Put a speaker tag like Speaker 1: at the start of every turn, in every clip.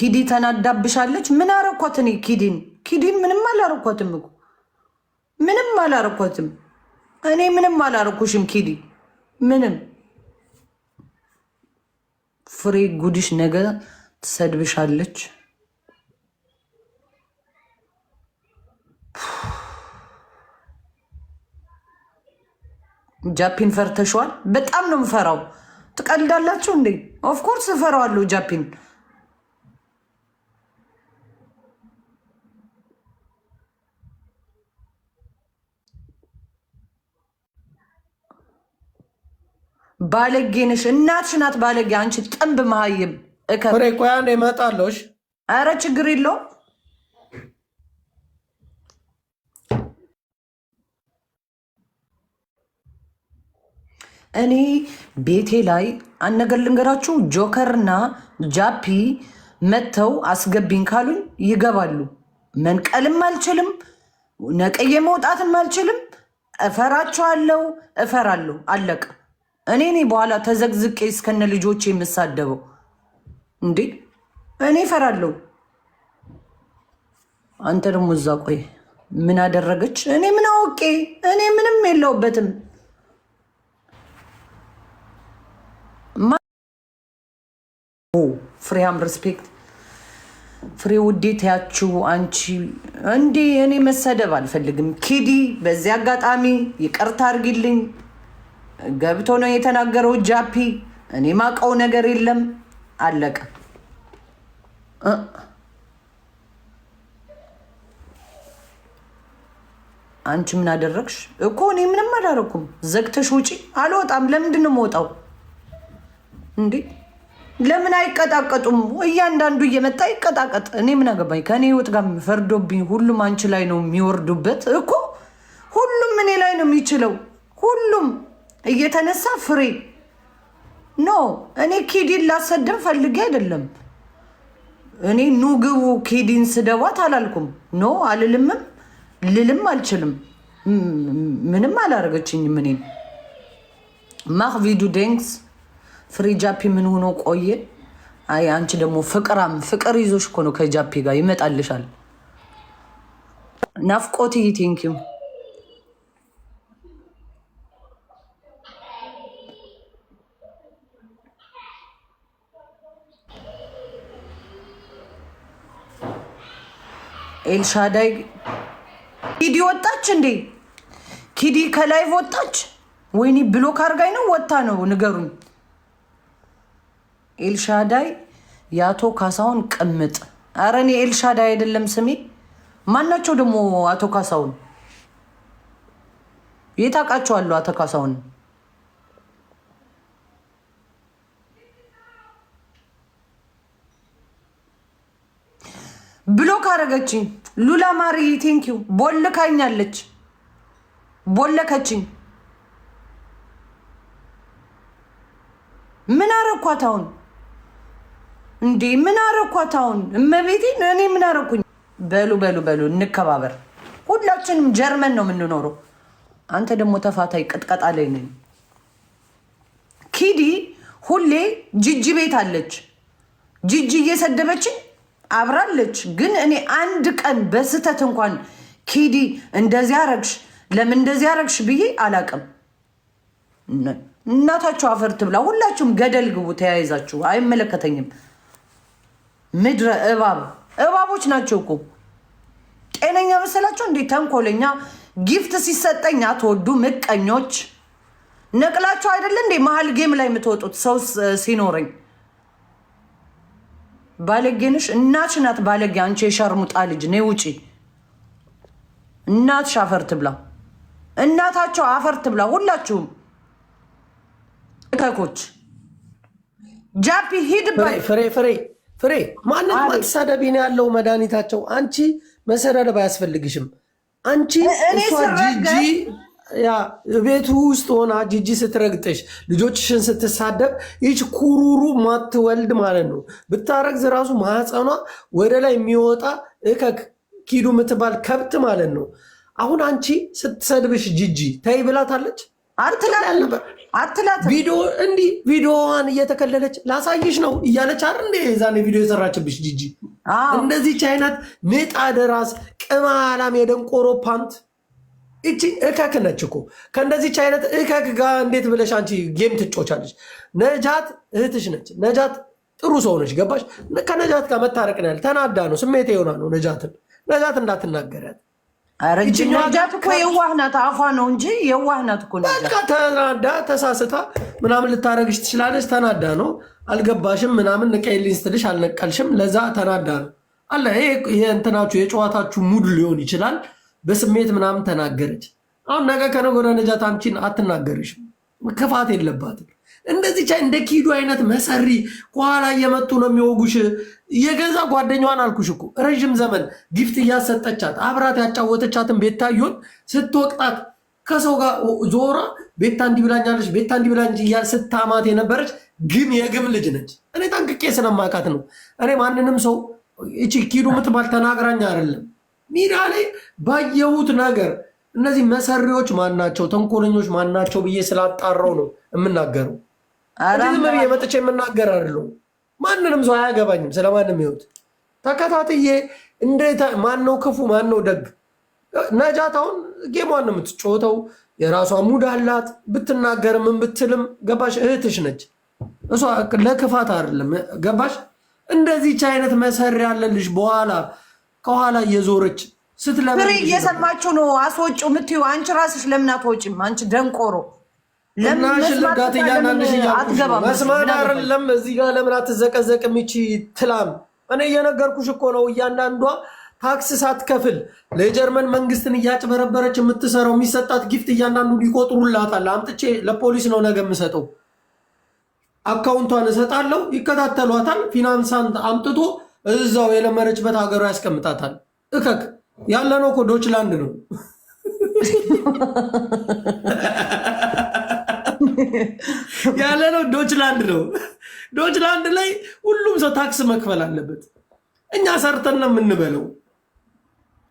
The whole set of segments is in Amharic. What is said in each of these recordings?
Speaker 1: ኪዲ ተናዳብሻለች። ምን አረኳት እኔ ኪዲን? ኪዲን ምንም አላረኳትም እኮ ምንም አላረኳትም። እኔ ምንም አላረኩሽም ኪዲ ምንም። ፍሬ ጉድሽ ነገ ትሰድብሻለች። ጃፒን ፈርተሸዋል። በጣም ነው ምፈራው። ትቀልዳላችሁ እንዴ? ኦፍኮርስ እፈራዋለሁ ጃፒን ባለጌ ነሽ። እናትሽ ናት ባለጌ። አንቺ ጥንብ መሀይም
Speaker 2: ፍሬ፣ ቆይ አንዴ እመጣለሁ።
Speaker 1: አረ ችግር የለውም። እኔ ቤቴ ላይ አነገር ልንገራችሁ። ጆከርና ጃፒ መጥተው አስገቢኝ ካሉኝ ይገባሉ። መንቀልም አልችልም፣ ነቅዬ መውጣትም አልችልም። እፈራቸዋለሁ፣ እፈራለሁ። አለቀ። እኔ እኔ በኋላ ተዘግዝቄ እስከነ ልጆች የምሳደበው እንዴ? እኔ እፈራለሁ። አንተ ደግሞ እዛ ቆይ፣ ምን አደረገች? እኔ ምን አውቄ? እኔ ምንም የለውበትም። ፍሬያም ሪስፔክት ፍሬ ውዴት ያችው አንቺ እንዴ! እኔ መሰደብ አልፈልግም። ኪዲ፣ በዚህ አጋጣሚ ይቅርታ አድርጊልኝ። ገብቶ ነው የተናገረው ጃፒ። እኔ ማቀው ነገር የለም አለቀ። አንቺ ምን አደረግሽ እኮ? እኔ ምንም አላደረኩም። ዘግተሽ ውጪ። አልወጣም። ለምንድን ነው የምወጣው እንዴ? ለምን አይቀጣቀጡም? እያንዳንዱ እየመጣ ይቀጣቀጥ። እኔ ምን አገባኝ? ከእኔ ህይወት ጋር ፈርዶብኝ ሁሉም አንቺ ላይ ነው የሚወርዱበት እኮ። ሁሉም እኔ ላይ ነው የሚችለው ሁሉም እየተነሳ ፍሬ ኖ እኔ ኬዲን ላሰድም ፈልጌ አይደለም። እኔ ኑ ግቡ ኬዲን ስደቧት አላልኩም። ኖ አልልምም፣ ልልም አልችልም። ምንም አላደረገችኝም። እኔ ማክቪዱ ደንክስ ፍሬ ጃፒ ምን ሆኖ ቆየ? አይ አንቺ ደግሞ ፍቅራም ፍቅር ይዞሽ እኮ ነው ከጃፒ ጋር ይመጣልሻል። ናፍቆት ቴንኪው ኤልሻዳይ ኪዲ ወጣች እንዴ? ኪዲ ከላይቭ ወጣች። ወይኒ ብሎክ አርጋኝ ነው ወጣ ነው ንገሩኝ። ኤልሻዳይ የአቶ ካሳሁን ቅምጥ። አረ እኔ ኤልሻዳይ አይደለም ስሜ። ማናቸው ደግሞ አቶ ካሳሁን የት አውቃቸዋለሁ? አቶ ካሳሁን ብሎክ አረገችኝ። ሉላ ማሪ ቴንኪዩ ቦልካኛለች፣ ቦለከችኝ። ምን አረኳት አሁን? እንዴ ምን አረኳት አሁን? እመቤቴን እኔ ምን አረኩኝ? በሉ በሉ በሉ እንከባበር። ሁላችንም ጀርመን ነው የምንኖረው። አንተ ደግሞ ተፋታይ ቅጥቀጣ ላይ ነኝ። ኪዲ ሁሌ ጅጅ ቤት አለች። ጅጅ እየሰደበችኝ አብራለች። ግን እኔ አንድ ቀን በስህተት እንኳን ኪዲ እንደዚህ አረግሽ፣ ለምን እንደዚህ አረግሽ ብዬ አላቅም። እናታችሁ አፈር ትብላ። ሁላችሁም ገደል ግቡ ተያይዛችሁ። አይመለከተኝም። ምድረ እባብ እባቦች ናቸው እኮ ጤነኛ መሰላቸው እንዴ? ተንኮለኛ ጊፍት ሲሰጠኝ አትወዱ ምቀኞች። ነቅላችሁ አይደለ እንዴ መሀል ጌም ላይ የምትወጡት ሰው ሲኖረኝ ባለጌንሽ እናትሽ ናት። ባለጌ አንቺ የሸርሙጣ ልጅ ኔ ውጪ። እናትሽ አፈር ትብላ፣ እናታቸው አፈር ትብላ። ሁላችሁም ከኮች ጃፒ ሂድ
Speaker 2: ባይ ፍሬ ፍሬ ፍሬ ማንም አትሳደቢ ነው ያለው መድኃኒታቸው። አንቺ መሰዳደብ አያስፈልግሽም። አንቺ እሷ ጂጂ ያ ቤቱ ውስጥ ሆና ጂጂ ስትረግጥሽ ልጆችሽን ስትሳደብ ይች ኩሩሩ ማትወልድ ማለት ነው። ብታረግዝ ራሱ ማህፀኗ ወደ ላይ የሚወጣ እከክ ኪዱ የምትባል ከብት ማለት ነው። አሁን አንቺ ስትሰድብሽ ጂጂ ተይ ብላታለች። ቪዲዮ እንዲህ ቪዲዮዋን እየተከለለች ላሳይሽ ነው እያለች አር እንደ የዛኔ ቪዲዮ የሰራችብሽ ጂጂ እንደዚህች አይነት ንጣ ደራስ ቅማላም የደንቆሮ ፓንት እቺ እከክ ነች እኮ ከእንደዚች አይነት እከክ ጋር እንዴት ብለሽ አንቺ ጌም ትጮቻለች? ነጃት እህትሽ ነች። ነጃት ጥሩ ሰው ነች። ገባሽ? ከነጃት ጋር መታረቅ ነው ያለ። ተናዳ ነው ስሜት የሆና ነው ነጃትን ነጃት እንዳትናገሪያት።
Speaker 1: ነጃት እኮ የዋህናት አፏ ነው እንጂ የዋህናት
Speaker 2: እኮ በቃ ተናዳ ተሳስታ ምናምን ልታረግሽ ትችላለች። ተናዳ ነው አልገባሽም ምናምን ንቀይልኝ ስትልሽ አልነቀልሽም። ለዛ ተናዳ ነው አለ። ይሄ እንትናችሁ የጨዋታችሁ ሙድ ሊሆን ይችላል በስሜት ምናምን ተናገረች። አሁን ነገ ከነገ ወዲያ ነጃት አንቺን አትናገርሽም፣ ክፋት የለባትም። እንደዚህ ቻ እንደ ኪዱ አይነት መሰሪ ከኋላ እየመጡ ነው የሚወጉሽ። የገዛ ጓደኛዋን አልኩሽ እኮ ረዥም ዘመን ጊፍት እያሰጠቻት አብራት ያጫወተቻትን ቤታዮን ስትወቅጣት ከሰው ጋር ዞራ ቤታ እንዲህ ብላኛለች፣ ቤታ እንዲህ ብላኝ እያል ስታማት የነበረች ግም የግም ልጅ ነች። እኔ ጠንቅቄ ስለማውቃት ነው። እኔ ማንንም ሰው እቺ ኪዱ ምትባል ተናግራኝ አይደለም ሜዳ ላይ ባየሁት ነገር እነዚህ መሰሪዎች ማናቸው፣ ተንኮለኞች ማናቸው ብዬ ስላጣራው ነው የምናገረው። ዝም ብዬ መጥቼ የምናገር አለ ማንንም ሰው አያገባኝም። ስለማንም ይወት ተከታትዬ እንዴት ማነው ክፉ ማነው ደግ። ነጃታውን ጌሟን ነው የምትጮተው። የራሷ ሙድ አላት። ብትናገርም ምን ብትልም ገባሽ፣ እህትሽ ነች እሷ። ለክፋት አይደለም ገባሽ። እንደዚህች አይነት መሰሪ ያለልሽ በኋላ ከኋላ እየዞረች
Speaker 1: ስትለምን ፍሬ እየሰማችሁ ነው። አስወጪው የምትይው አንቺ ራስሽ ለምን አትወጪም? አንቺ ደንቆሮ
Speaker 2: መስማት አይደለም እዚህ ጋር ለምን አትዘቀዘቅ? የሚቺ ትላም እኔ እየነገርኩሽ እኮ ነው። እያንዳንዷ ታክስ ሳትከፍል ለጀርመን መንግስትን እያጭበረበረች የምትሰራው የሚሰጣት ጊፍት እያንዳንዱ ይቆጥሩላታል። አምጥቼ ለፖሊስ ነው ነገ የምሰጠው። አካውንቷን እሰጣለሁ፣ ይከታተሏታል። ፊናንሳን አምጥቶ እዛው የለመደችበት ሀገሯ ያስቀምጣታል። እከክ ያለ ነው እኮ ዶችላንድ ነው። ያለ ነው ዶችላንድ ነው። ዶችላንድ ላይ ሁሉም ሰው ታክስ መክፈል አለበት። እኛ ሰርተን ነው የምንበለው፣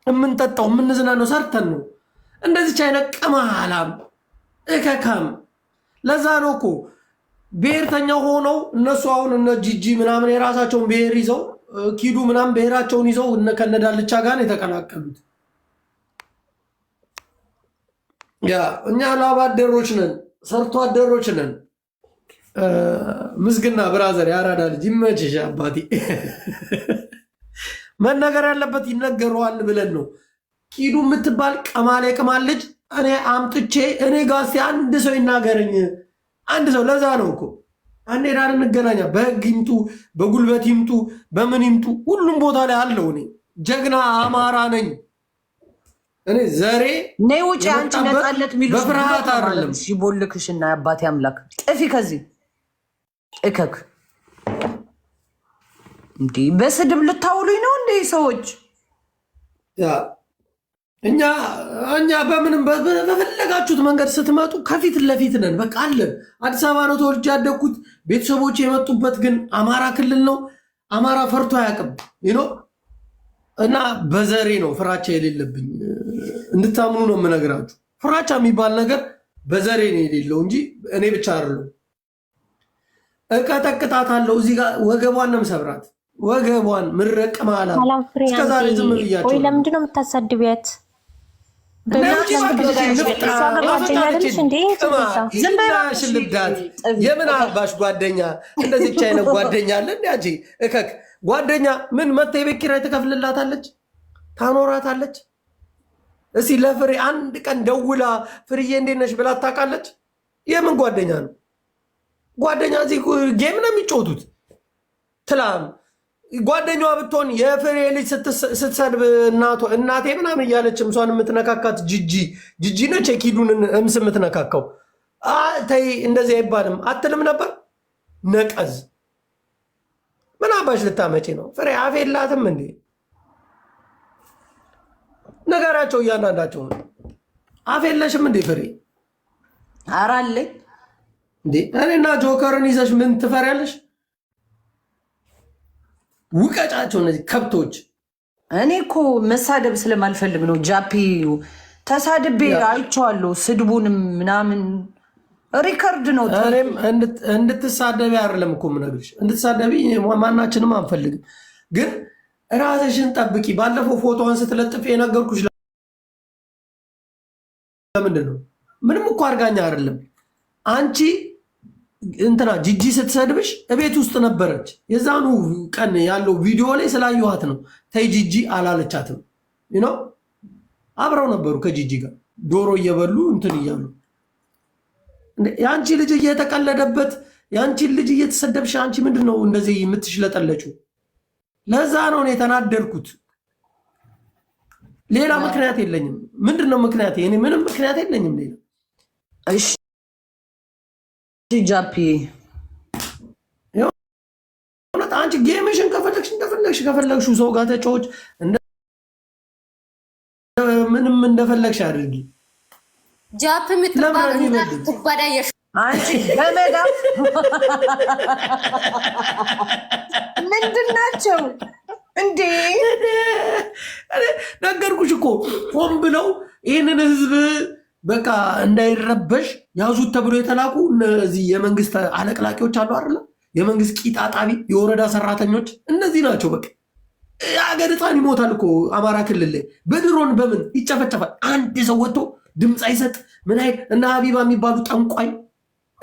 Speaker 2: የምንጠጣው፣ የምንዝናነው ሰርተን ነው። እንደዚች አይነት ቅማላም እከካም። ለዛ ነው እኮ ብሔርተኛ ሆነው እነሱ አሁን እነ ጂጂ ምናምን የራሳቸውን ብሔር ይዘው ኪዱ ምናምን ብሔራቸውን ይዘው ከነዳልቻ ጋር የተቀላቀሉት። ያ እኛ ላብ አደሮች ነን፣ ሰርቶ አደሮች ነን። ምስግና ብራዘር ያራዳ ልጅ ይመችሽ አባቴ። መነገር ያለበት ይነገረዋል ብለን ነው። ኪዱ የምትባል ቀማሌ ቅማል ልጅ እኔ አምጥቼ እኔ ጋር አንድ ሰው ይናገረኝ፣ አንድ ሰው ለዛ ነው እኮ አንዴ ዳር እንገናኛ። በህግ ይምጡ፣ በጉልበት ይምጡ፣ በምን ይምጡ፣ ሁሉም ቦታ ላይ አለው። እኔ ጀግና አማራ ነኝ። እኔ ዘሬ
Speaker 1: ነይ ውጭ አንቺ ነጻነት የሚሉ በፍርሃት አይደለም። እና አባቴ አምላክ ጥፊ ከዚህ እከክ እንዲህ በስድብ ልታውሉኝ ነው እንዴ ሰዎች?
Speaker 2: እኛ እኛ በምንም በፈለጋችሁት መንገድ ስትመጡ ከፊት ለፊት ነን። በቃ አለን። አዲስ አበባ ነው ተወልጄ ያደግኩት። ቤተሰቦች የመጡበት ግን አማራ ክልል ነው። አማራ ፈርቶ አያውቅም ይኖ እና በዘሬ ነው ፍራቻ የሌለብኝ። እንድታምኑ ነው የምነግራችሁ። ፍራቻ የሚባል ነገር በዘሬ ነው የሌለው እንጂ እኔ ብቻ አይደለም። እቀጠቅጣታለሁ። እዚህ ጋር ወገቧን ነው የምሰብራት። ወገቧን ምረቅ ማላ
Speaker 3: እስከዛሬ ዝም ብያቸው። ለምንድን ነው የምታሳድቢያት?
Speaker 2: ሽልዳት የምን አባሽ ጓደኛ እንደዚች አይነት ጓደኛ አለ እንዲ እከክ ጓደኛ ምን መታ የቤት ኪራይ ትከፍልላታለች ታኖራታለች እስኪ ለፍሬ አንድ ቀን ደውላ ፍርዬ እንዴት ነሽ ብላ ታውቃለች የምን ጓደኛ ነው ጓደኛ እዚህ ጌም ነው የሚጫወቱት ትላም ጓደኛዋ ብትሆን የፍሬ ልጅ ስትሰድብ እናቴ ምናምን እያለች እምሷን የምትነካካት ጅጂ ጅጂ ነች። የኪዱን እምስ የምትነካካው ተይ፣ እንደዚህ አይባልም አትልም ነበር። ነቀዝ ምን አባሽ ልታመጪ ነው? ፍሬ አፍ የላትም እንዴ? ነገራቸው እያንዳንዳቸው አፍ የለሽም እንዴ ፍሬ? ኧረ እንዴ። እኔና ጆከርን ይዘሽ ምን ትፈሪያለሽ? ውቀጫቸው እነዚህ ከብቶች።
Speaker 1: እኔ እኮ መሳደብ ስለማልፈልግ ነው። ጃፒ ተሳድቤ አይቼዋለሁ። ስድቡንም ምናምን ሪከርድ ነው።
Speaker 2: እኔም እንድትሳደቢ አይደለም እኮ የምነግርሽ፣ እንድትሳደቢ ማናችንም አንፈልግም። ግን ራስሽን ጠብቂ። ባለፈው ፎቶዋን ስትለጥፍ የነገርኩሽ ለምንድን ነው? ምንም እኮ አድርጋኛ አይደለም አንቺ እንትና ጂጂ ስትሰድብሽ እቤት ውስጥ ነበረች። የዛኑ ቀን ያለው ቪዲዮ ላይ ስላየኋት ነው። ተይ ጂጂ አላለቻትም። ነው አብረው ነበሩ ከጂጂ ጋር ዶሮ እየበሉ እንትን እያሉ የአንቺ ልጅ እየተቀለደበት የአንቺን ልጅ እየተሰደብሽ አንቺ ምንድን ነው እንደዚህ የምትሽለጠለችው? ለዛ ነው እኔ የተናደድኩት። ሌላ ምክንያት የለኝም። ምንድን ነው ምክንያት? ምንም ምክንያት የለኝም ሌላ።
Speaker 1: እሺ ጃፒ
Speaker 2: እውነት አንቺ ጌምሽን ከፈለግሽ እንደፈለግሽ ከፈለግሽው ሰው ጋር ተጫዎች፣ ምንም እንደፈለግሽ አድርጊ። ጃፕ የምትባል ኩባዳ
Speaker 3: ምንድን ናቸው እንዴ?
Speaker 2: ነገርኩሽ እኮ ሆን ብለው ይህንን ህዝብ በቃ እንዳይረበሽ ያዙት ተብሎ የተላኩ እነዚህ የመንግስት አለቅላቂዎች አሉ አይደለ? የመንግስት ቂጣጣቢ የወረዳ ሰራተኞች እነዚህ ናቸው። በቃ የአገር ህፃን ይሞታል እኮ አማራ ክልል ላይ በድሮን በምን ይጨፈጨፋል። አንድ ሰው ወጥቶ ድምፅ አይሰጥ ምን አይል እና ሀቢባ የሚባሉ ጠንቋይ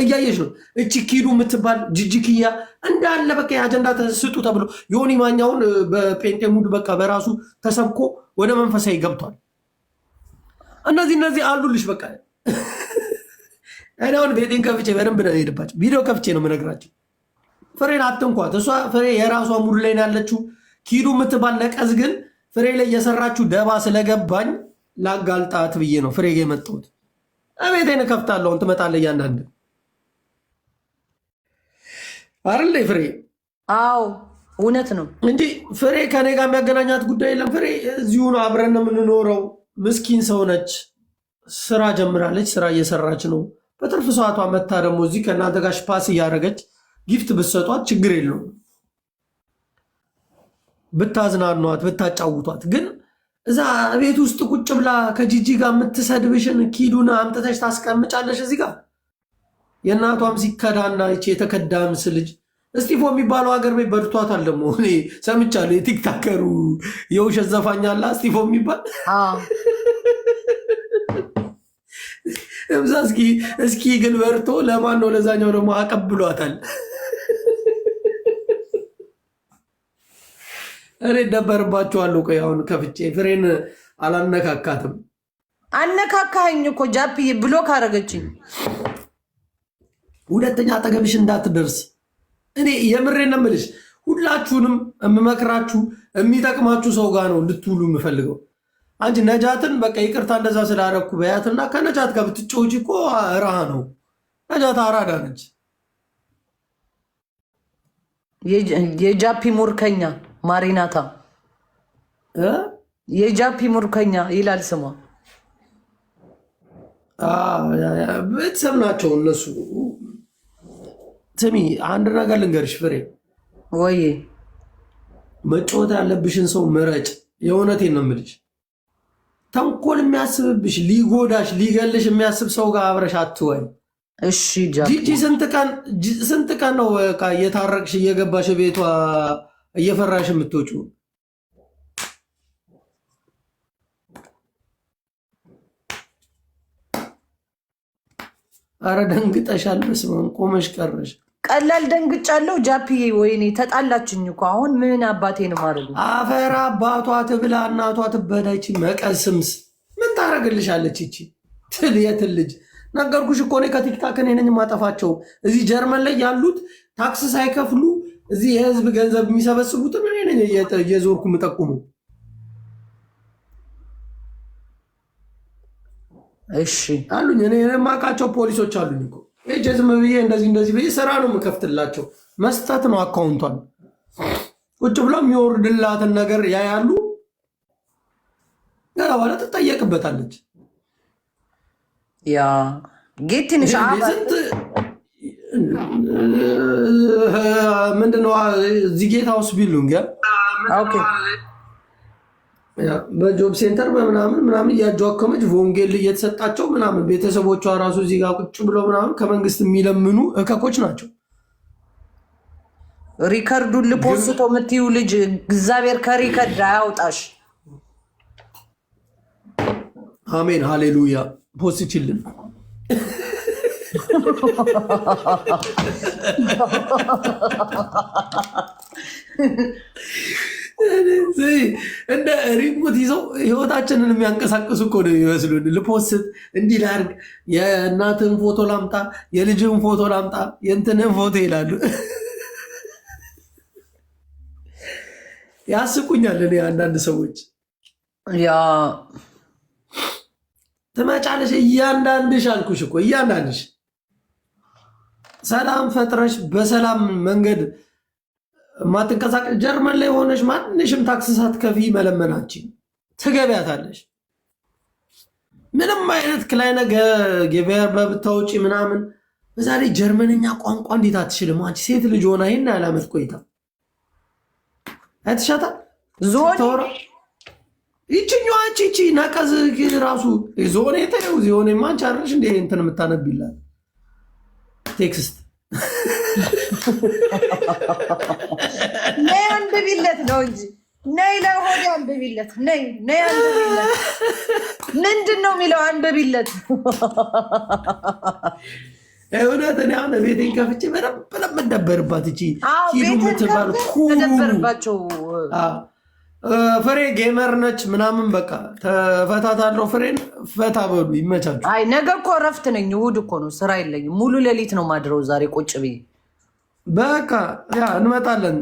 Speaker 2: እያየች ነው። እቺ ኪዱ የምትባል ጅጅክያ እንዳለ በቃ የአጀንዳ ተስጡ ተብሎ ዮኒ ማኛውን በጴንጤ ሙድ በቃ በራሱ ተሰብኮ ወደ መንፈሳዊ ገብቷል። እነዚህ እነዚህ አሉልሽ። በቃ እኔ አሁን ቤቴን ከፍቼ በደንብ ነው የሄድባቸው። ቪዲዮ ከፍቼ ነው የምነግራቸው። ፍሬን አትንኳት። እሷ ፍሬ የራሷ ሙሉ ላይ ነው ያለችው። ኪዱ የምትባል ነቀዝ ግን ፍሬ ላይ የሰራችሁ ደባ ስለገባኝ ላጋልጣት ብዬ ነው ፍሬ ጋ የመጣሁት። ቤቴን ከፍታለሁ። አሁን ትመጣለህ። እያንዳንድ አይደለ ፍሬ?
Speaker 1: አዎ እውነት ነው
Speaker 2: እንጂ ፍሬ ከኔ ጋር የሚያገናኛት ጉዳይ የለም። ፍሬ እዚሁ ነው አብረን የምንኖረው ምስኪን ሰው ነች። ስራ ጀምራለች። ስራ እየሰራች ነው። በትርፍ ሰዓቷ መታ ደግሞ እዚህ ከእናንተ ጋር ፓስ እያደረገች ጊፍት ብትሰጧት ችግር የለውም። ብታዝናኗት፣ ብታጫውቷት ግን እዛ ቤት ውስጥ ቁጭ ብላ ከጂጂ ጋር የምትሰድብሽን ኪዱን አምጥተሽ ታስቀምጫለሽ። እዚህ ጋር የእናቷም ሲከዳና ይቺ የተከዳ ምስል ልጅ እስጢፎ የሚባለው ሀገር ቤት በድቷታል። ደግሞ እኔ ሰምቻለሁ። የቲክታከሩ የውሸት ዘፋኝ አለ እስጢፎ የሚባል እብዛ እስኪ እስኪ ግን በርቶ ለማን ነው? ለዛኛው ደግሞ አቀብሏታል። እኔ ደበርባችኋለሁ። ቆይ አሁን ከፍቼ ፍሬን አላነካካትም።
Speaker 1: አነካካኝ እኮ ጃፒ ብሎክ አረገችኝ።
Speaker 2: ሁለተኛ አጠገብሽ እንዳትደርስ እኔ የምሬ ነው የምልሽ። ሁላችሁንም የምመክራችሁ የሚጠቅማችሁ ሰው ጋር ነው እንድትውሉ የምፈልገው። አንቺ ነጃትን በቃ ይቅርታ እንደዛ ስላደረኩ በያትና ከነጃት ጋር ብትጫወቺ እኮ ረሃ ነው። ነጃት አራዳ ነች።
Speaker 1: የጃፒ ሙርከኛ ማሪናታ የጃፒ ሙርከኛ ይላል ስሟ።
Speaker 2: ቤተሰብ ናቸው እነሱ ስሚ አንድ ነገር ልንገርሽ ፍሬ፣ ወይ መጫወት ያለብሽን ሰው ምረጭ። የእውነቴን ነው የምልሽ። ተንኮል የሚያስብብሽ ሊጎዳሽ፣ ሊገልሽ የሚያስብ ሰው ጋር አብረሽ አትወይ። እሺ ጂጂ፣ ስንት ቀን ነው በቃ እየታረቅሽ እየገባሽ ቤቷ እየፈራሽ የምትወጪው? አረ ደንግጠሻል። በስመ አብ ቆመሽ ቀረሽ።
Speaker 1: ቀላል ደንግጫለሁ። ጃፒዬ ወይኔ ተጣላችኝ እኮ አሁን ምን አባቴ ነው ማድረጉ?
Speaker 2: አፈር አባቷ ትብላ እናቷ ትበዳች። መቀስምስ ምን ታደርግልሻለች ይቺ ትል የትል ልጅ ነገርኩሽ እኮ እኔ ከቲክታክ እኔ ነኝ ማጠፋቸው። እዚህ ጀርመን ላይ ያሉት ታክስ ሳይከፍሉ እዚህ የህዝብ ገንዘብ የሚሰበስቡትን እኔ ነኝ የዞርኩ ምጠቁሙ። እሺ አሉኝ እኔ የማውቃቸው ፖሊሶች አሉኝ እኮ ሄጄ ዝም ብዬ እንደዚህ እንደዚህ ብዬ ስራ ነው የምከፍትላቸው። መስጠት ነው አካውንቷን። ቁጭ ብሎ የሚወርድላትን ነገር ያያሉ። ገና በኋላ ትጠየቅበታለች።
Speaker 1: ያ ጌት
Speaker 2: ምንድነው እዚህ ጌታ ውስጥ ቢሉን በጆብ ሴንተር በምናምን ምናምን እያጇከመች ቮንጌል እየተሰጣቸው ምናምን ቤተሰቦቿ ራሱ እዚህ ጋር ቁጭ ብሎ ምናምን ከመንግስት የሚለምኑ እከኮች ናቸው።
Speaker 1: ሪከርዱን ልፖስቶ የምትዩ ልጅ እግዚአብሔር ከሪከርድ አያውጣሽ።
Speaker 2: አሜን ሃሌሉያ። ፖስችልን እንደ ሪሞት ይዘው ህይወታችንን የሚያንቀሳቅሱ እኮ ነው ይመስሉን። ልፖስት እንዲህ ላድርግ፣ የእናትን ፎቶ ላምጣ፣ የልጅን ፎቶ ላምጣ፣ የእንትንን ፎቶ ይላሉ። ያስቁኛል። እኔ አንዳንድ ሰዎች ያ ትመጫለሽ፣ እያንዳንድሽ አልኩሽ እኮ እያንዳንድሽ ሰላም ፈጥረሽ በሰላም መንገድ ማትንቀሳቀስ ጀርመን ላይ ሆነች ማንሽም ታክስ ሳትከፊ መለመናች ትገቢያታለች። ምንም አይነት ክላይነ ገበያ በብታውጪ ምናምን በዛሬ ጀርመንኛ ቋንቋ እንዴት አትችልም አንቺ? ሴት ልጅ ሆና ይህን ያህል ዓመት ቆይታ አይተሻታል? ዞኔ ይችኛዋ አንቺ ይቺ ነቀዝ ራሱ ዞኔ ተው ዞኔ ማንቺ አረሽ እንደ እንትን የምታነብላት ቴክስት
Speaker 3: አንብቢለት ነው እንጂ ነይ ለሆዴ አንብቢለት ነይ ነይ አንብቢለት ምንድን ነው የሚለው አንብቢለት
Speaker 2: እውነት እኔ አሁን ቤቴን ከፍቼ በደንብ ለምደበርባት እቺ
Speaker 1: ተደበርባቸው
Speaker 2: ፍሬ ጌመር ነች ምናምን በቃ ተፈታታለው። ፍሬን ፈታ በሉ ይመቻችሁ።
Speaker 1: አይ ነገ እኮ እረፍት ነኝ፣ እሑድ እኮ ነው ስራ የለኝም። ሙሉ ሌሊት ነው ማድረው ዛሬ ቁጭ ብዬ
Speaker 2: በቃ ያ እንመጣለን።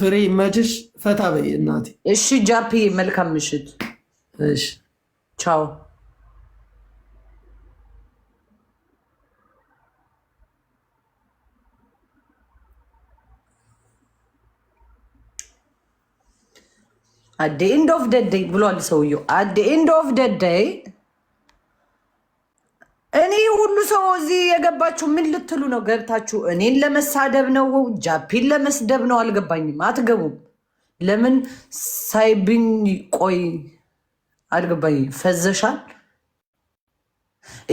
Speaker 2: ፍሬ ይመችሽ፣ ፈታ በይ እናቴ።
Speaker 1: እሺ ጃፒ፣ መልካም ምሽት። እሺ ቻው። አት ኤንድ ኦፍ ደደይ ብሏል ሰውየው። አት ኤንድ ኦፍ ደደይ ሁሉ ሰው እዚህ የገባችሁ ምን ልትሉ ነው? ገብታችሁ እኔን ለመሳደብ ነው? ጃፒን ለመስደብ ነው? አልገባኝም። አትገቡም። ለምን ሳይብኝ? ቆይ አልገባኝ። ፈዘሻል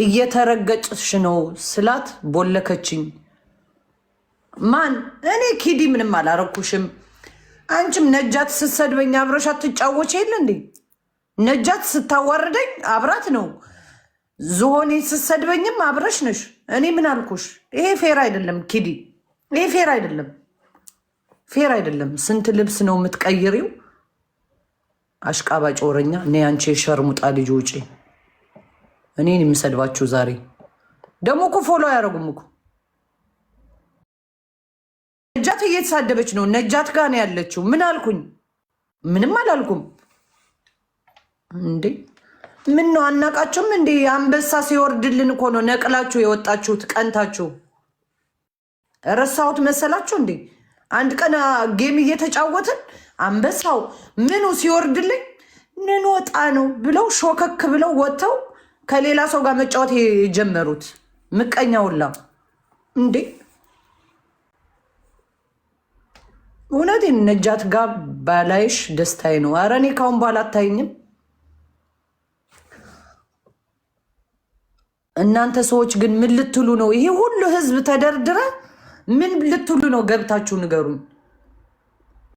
Speaker 1: እየተረገጭሽ ነው ስላት ቦለከችኝ። ማን እኔ? ኪዲ ምንም አላረኩሽም። አንቺም ነጃት ስትሰድበኝ አብረሻ ትጫወች የለ እንዴ? ነጃት ስታዋርደኝ አብራት ነው ዝሆኔ ስትሰድበኝም አብረሽ ነሽ። እኔ ምን አልኩሽ? ይሄ ፌር አይደለም ኪዲ፣ ይሄ ፌር አይደለም፣ ፌር አይደለም። ስንት ልብስ ነው የምትቀይሪው? አሽቃባጭ ወረኛ። እኔ አንቺ የሸርሙጣ ልጅ ውጪ። እኔን የምሰድባችሁ ዛሬ ደግሞ እኮ ፎሎ አያደርጉም እኮ ነጃት እየተሳደበች ነው። ነጃት ጋር ነው ያለችው። ምን አልኩኝ? ምንም አላልኩም እንዴ ምን ነው አናቃችሁም እንዴ? አንበሳ ሲወርድልን እኮ ነው ነቅላችሁ የወጣችሁት። ቀንታችሁ ረሳሁት መሰላችሁ እንዴ? አንድ ቀን ጌም እየተጫወትን አንበሳው ምኑ ሲወርድልኝ እንንወጣ ነው ብለው ሾከክ ብለው ወጥተው ከሌላ ሰው ጋር መጫወት የጀመሩት ምቀኛውላ እንዴ! እውነቴን ነጃት ጋር ባላይሽ ደስታዬ ነው። ኧረ እኔ ካሁን በኋላ አታይኝም። እናንተ ሰዎች ግን ምን ልትሉ ነው? ይሄ ሁሉ ህዝብ ተደርድረ ምን ልትሉ ነው? ገብታችሁ ንገሩኝ።